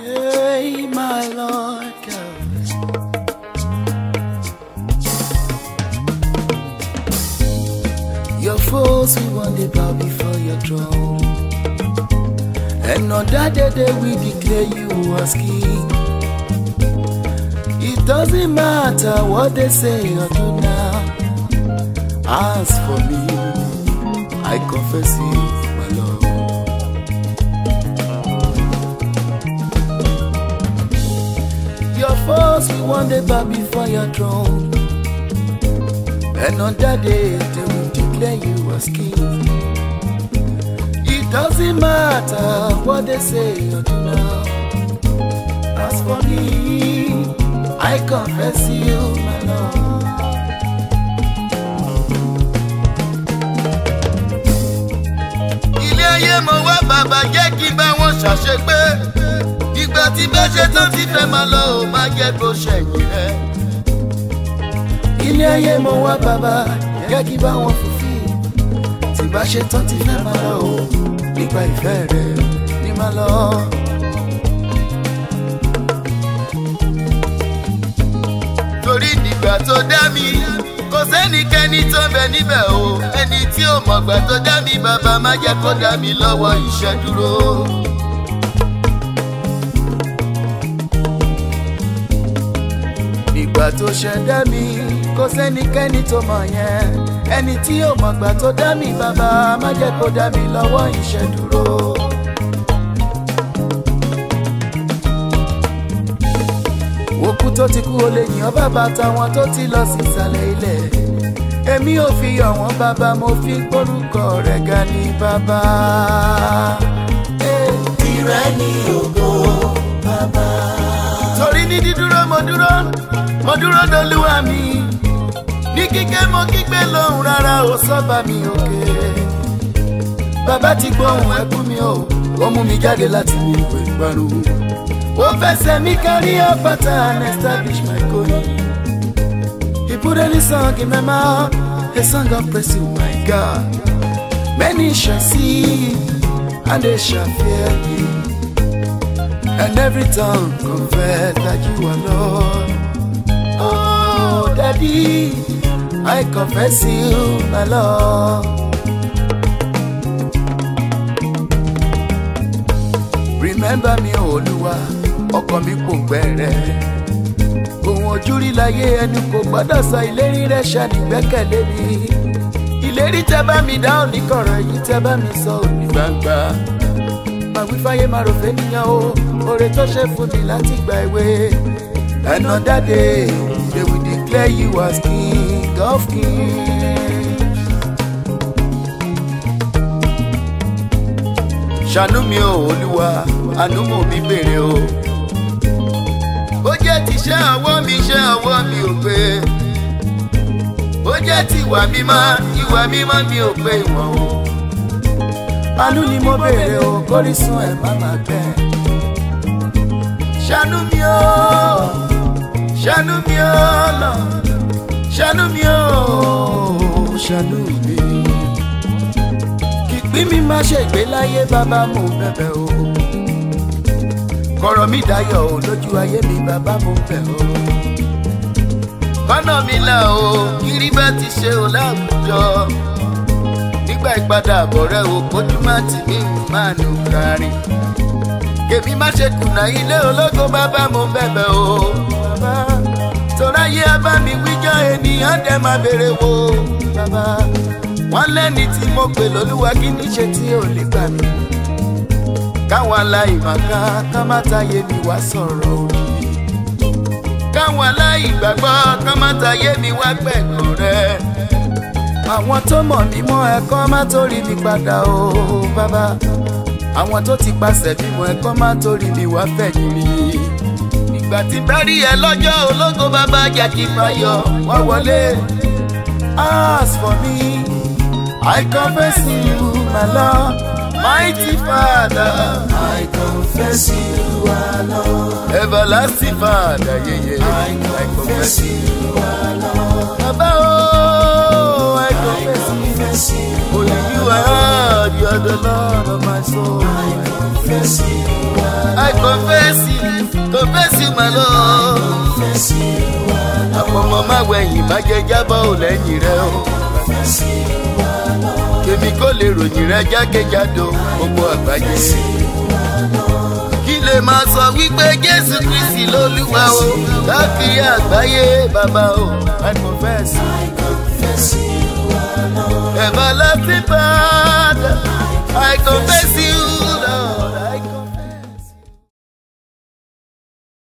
Yea, my Lord God. Your foes we want to bow before your throne. And on that day, we declare you as king. It doesn't matter what they say or do now. As for me, I confess you. force we one day bow before your throne. And on that day, they will declare you as king. It doesn't matter what they say or do now. As for me, I confess you, my Lord. Ilé ayé mo wá bàbá jẹ́ kí n bá wọn ṣàṣepé ti bẹ́ ṣe tó ti fẹ́ máa lọ ò má jẹ́ kó ṣẹ̀yìn rẹ. ilé ayé mo wá bàbá jẹ́ kí bá wọn fòfin tí bá ṣe tán ti fẹ́ máa lọ ò nípa ìfẹ́ rẹ ní máa lọ. torí nígbà tó dá mi kò sẹ́nikẹ́ni tó bẹ níbẹ̀ o ẹni tí ò mọ̀gbà tó dá mi bàbá má jẹ́ kó dá mi lọ́wọ́ ìṣẹ́dúró. ìgbà tó ṣẹ̀dá mi kò sẹ́nikẹ́ni tó mọ̀ yẹn ẹni tí ò mọ̀ gbà tó dá mi bàbá má jẹ́ kó dá mi lọ́wọ́ ìṣẹ́dúró. òkú tó ti kú olè yàn bàbá táwọn tó ti lọ sí ìsàlẹ̀ ilẹ̀ èmi ò fi yọ̀ wọ́n bàbá mo fi gbórúkọ rẹ̀ ga ní bàbá. ìrẹ́ ni ògo bàbá. torí ní dídúró mo dúró mo dúró dolúwa mi ní kíkẹ́ mo kígbe lóhùn rárá o sọ́ba mi òkè bàbá ti gbóhùn ẹkún mi o ó mú mi jáde láti mú ìwé ìparun ó fẹsẹ̀ mi kárí ọ̀pátá and establish my calling he put any song in my mouth a song of praise to oh my God many shall see and they shall fear me and every tongue confess that you are Lord ready. I confess you, my Lord. Remember me, Oluwa, ọkàn mi kò gbẹ̀rẹ̀. Òun ojú rí láyé ẹnu kò gbọ́dọ̀ sọ ìlérí rẹ̀ ṣànígbẹ́kẹ̀lé mi. Ìlérí tẹ bá mi dáhùn ní kọ̀rọ̀ èyí tẹ bá mi sọ òní gbangba. Màá wí fáyé máa rò fẹ́ níyàn o, oore tó ṣe fún mi láti gba ìwé. Ẹ̀nà dáde, ṣé wí declare you as King of Kings. Ṣàánú mi o Olúwa, àánú mò mi béèrè o. Bó jẹ́ tiṣẹ́ ọwọ́ mi, iṣẹ́ ọwọ́ mi ò pé. Bó jẹ́ tiwa mímọ́, ìwà mímọ́ mi ò pé ìwọ̀n o. Àánú ni mo béèrè o, kórìsùn ẹ̀ má má bẹ́ẹ̀. Ṣàánú mi o ṣàánú mi ó lọ ṣàánú mi ó ṣàánú mi kìpín mi má ṣègbé láyé bàbá mo bẹ̀bẹ̀ o kọ̀rọ̀ mi dayọ̀ o lójú ayé mi bàbá mo bẹ̀ o kọ́nà mi là o kiri bá ti ṣe o láwùjọ nígbà ìpadàbọ̀ rẹ o kójú má tì mí máa nù kárí kèmí má ṣe kùnà ilé ológo bàbá mo bẹ̀bẹ̀ o. bàbá sọ̀ráyé abámi wíjọ́ ènìyàn dẹ̀ máa béèrè wo bàbá wọn lẹ́ni tí mo pè lólúwa kí ní ṣe tí ò lè gbà mí káwọn aláìmọ̀ká ká má tayé mi wá sọ̀rọ̀ òbí káwọn aláìgbàgbọ́ ká má tayé mi wá gbẹ̀gàn rẹ̀ àwọn tó mọ̀ mí mọ́ ẹ̀kọ́ má torí mi padà o bàbá àwọn tó ti pàṣẹ bímọ ẹ̀kọ́ má torí mi wá fẹ̀yìn mi ìgbà tí bá rí ẹ lọ́jọ́ ológo bàbá jàkì fàyọ̀ wá wọlé ask for me I confess in you my Lord mighty Father I confess in you my Lord everlasting Father yeah, yeah. I confess in you my Lord bàbá o I confess in you only you are oh, you are the Lord of my soul I confess you. I confess you, confess you, my love. Àwọn ọmọ máa wẹ̀yìn má jẹ jábọ̀ ò lẹ́yìn rẹ o. Kèmí kò lè ròyìn rẹ jákèjádò gbogbo àgbáyé. Kí lè máa sọ wípé Jésù Kristi lólúwa o, káàkiri àgbáyé bàbá o, I confess. Ẹ̀bá láti bá a dà, I confess. you,